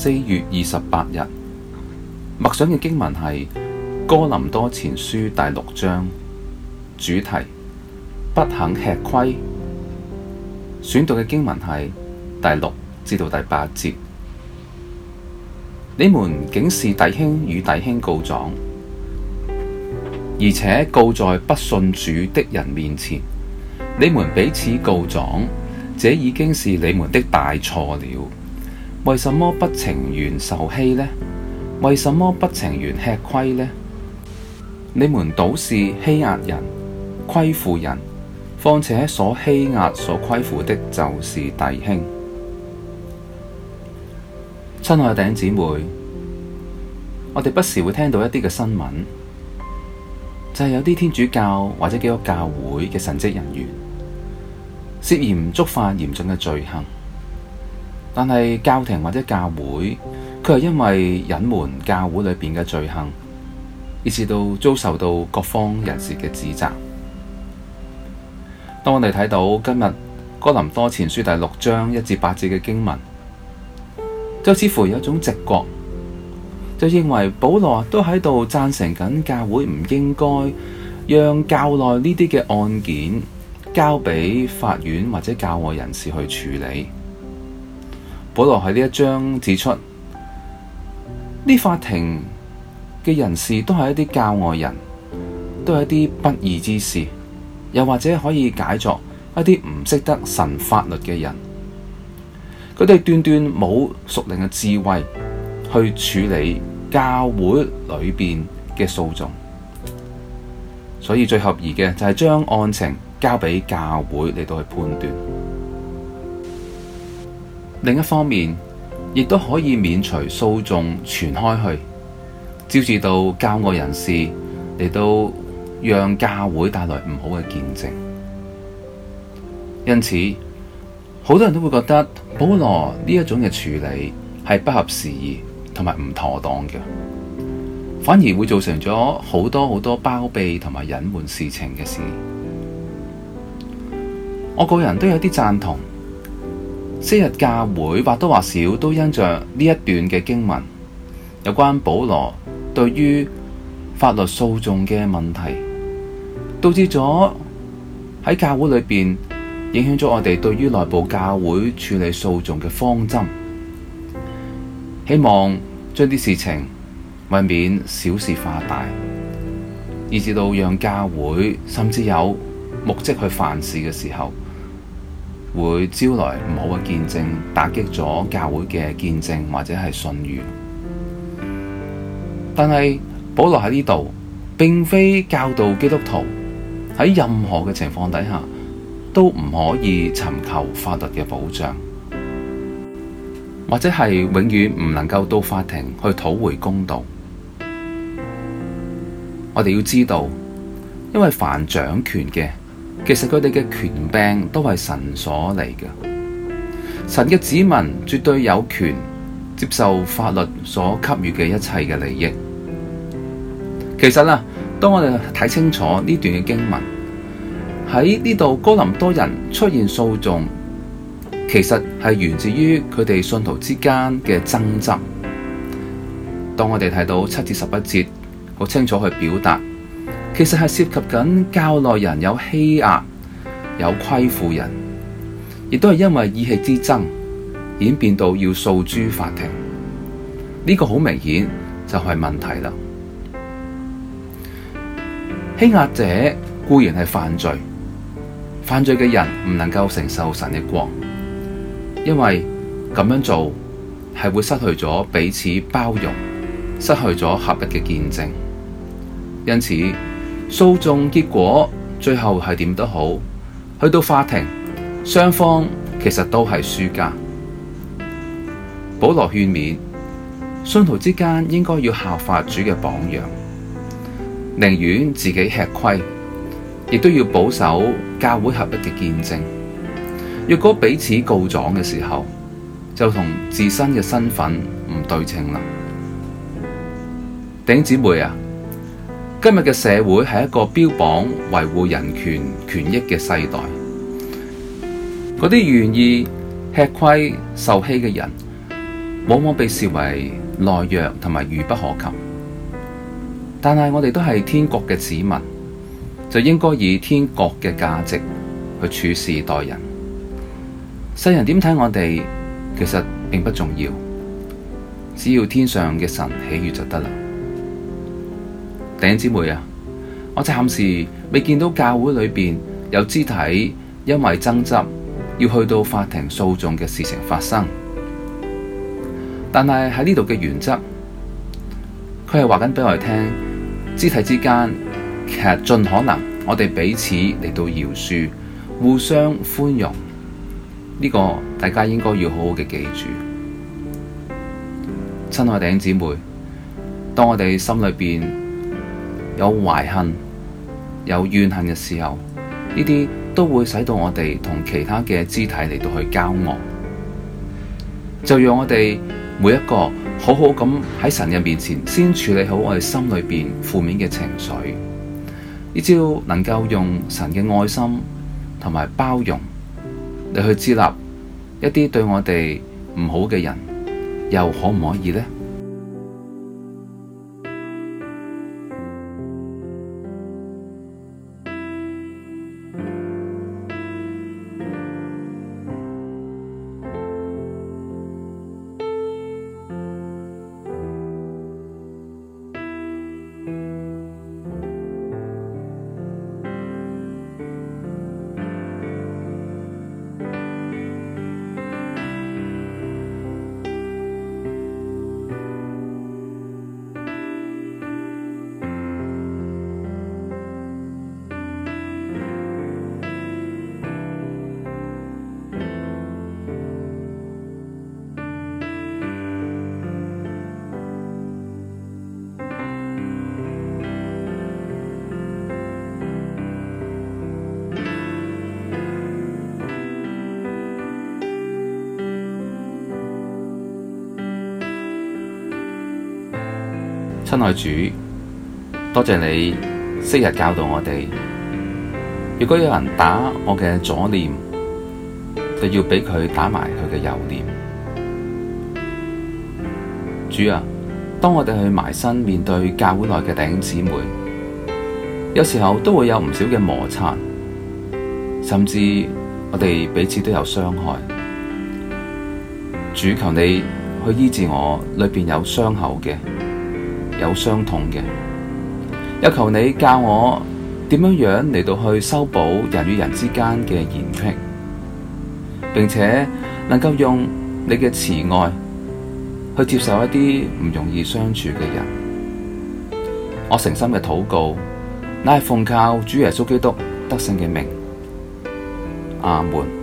四月二十八日，默想嘅經文係哥林多前書第六章，主題：不肯吃虧。選讀嘅經文係第六至到第八節，你們竟是弟兄與弟兄告狀，而且告在不信主的人面前，你們彼此告狀，這已經是你們的大錯了。為什麼不情願受欺呢？為什麼不情願吃虧呢？你們倒是欺壓人、虧負人，況且所欺壓、所虧負的，就是弟兄。親愛的弟兄姊妹，我哋不時會聽到一啲嘅新聞，就係、是、有啲天主教或者基督教會嘅神職人員涉嫌觸犯嚴重嘅罪行。但係教廷或者教會，佢係因為隱瞞教會裏邊嘅罪行，以至到遭受到各方人士嘅指責。當我哋睇到今日哥林多前書第六章一至八節嘅經文，就似乎有一種直覺，就認為保羅都喺度贊成緊教會唔應該讓教內呢啲嘅案件交俾法院或者教外人士去處理。保羅喺呢一章指出，呢法庭嘅人士都係一啲教外人，都係一啲不義之士，又或者可以解作一啲唔識得神法律嘅人。佢哋斷斷冇熟練嘅智慧去處理教會裏邊嘅訴訟，所以最合宜嘅就係將案情交俾教會嚟到去判斷。另一方面，亦都可以免除訴訟傳開去，招致到教外人士嚟到讓教會帶來唔好嘅見證。因此，好多人都會覺得保羅呢一種嘅處理係不合時宜，同埋唔妥當嘅，反而會造成咗好多好多包庇同埋隱瞞事情嘅事。我個人都有啲贊同。昔日教會或多或少都因着呢一段嘅經文，有關保羅對於法律訴訟嘅問題，導致咗喺教會裏邊影響咗我哋對於內部教會處理訴訟嘅方針。希望將啲事情為免小事化大，以至到讓教會甚至有目擊去犯事嘅時候。會招來唔好嘅見證，打擊咗教會嘅見證或者係信譽。但係保羅喺呢度，並非教導基督徒喺任何嘅情況底下都唔可以尋求法律嘅保障，或者係永遠唔能夠到法庭去討回公道。我哋要知道，因為凡掌權嘅。其實佢哋嘅權柄都係神所嚟嘅，神嘅子民絕對有權接受法律所給予嘅一切嘅利益。其實啦，當我哋睇清楚呢段嘅經文，喺呢度哥林多人出現訴訟，其實係源自於佢哋信徒之間嘅爭執。當我哋睇到七至十一節，好清楚去表達。其實係涉及緊教內人有欺壓、有虧負人，亦都係因為意氣之爭，演變到要訴諸法庭。呢個好明顯就係問題啦。欺壓者固然係犯罪，犯罪嘅人唔能夠承受神嘅光，因為咁樣做係會失去咗彼此包容，失去咗合一嘅見證，因此。訴訟結果最後係點都好，去到法庭，雙方其實都係輸家。保羅勸勉信徒之間應該要效法主嘅榜樣，寧願自己吃虧，亦都要保守教會合一嘅見證。若果彼此告狀嘅時候，就同自身嘅身份唔對稱啦。頂姊妹啊！今日嘅社會係一個標榜維護人權權益嘅世代，嗰啲願意吃虧受氣嘅人，往往被視為懦弱同埋愚不可及。但係我哋都係天國嘅子民，就應該以天國嘅價值去處事待人。世人點睇我哋，其實並不重要，只要天上嘅神喜悅就得啦。弟兄姊妹啊，我暫時未見到教會裏邊有肢體因為爭執要去到法庭訴訟嘅事情發生，但係喺呢度嘅原則，佢係話緊俾我哋聽，肢體之間其實盡可能我哋彼此嚟到饒恕，互相寬容，呢個大家應該要好好嘅記住。親愛弟兄姊妹，當我哋心裏邊。有懷恨、有怨恨嘅時候，呢啲都會使到我哋同其他嘅肢體嚟到去交惡。就讓我哋每一個好好咁喺神嘅面前，先處理好我哋心裏邊負面嘅情緒。呢招能夠用神嘅愛心同埋包容嚟去接納一啲對我哋唔好嘅人，又可唔可以呢？親愛主，多謝你昔日教導我哋。如果有人打我嘅左臉，就要俾佢打埋佢嘅右臉。主啊，當我哋去埋身面對教會內嘅弟兄姊妹，有時候都會有唔少嘅摩擦，甚至我哋彼此都有傷害。主，求你去醫治我裏面有傷口嘅。有傷痛嘅，有求你教我點樣樣嚟，到去修補人與人之間嘅嫌隙，並且能夠用你嘅慈愛去接受一啲唔容易相處嘅人。我誠心嘅禱告，乃係奉靠主耶穌基督得勝嘅名。阿門。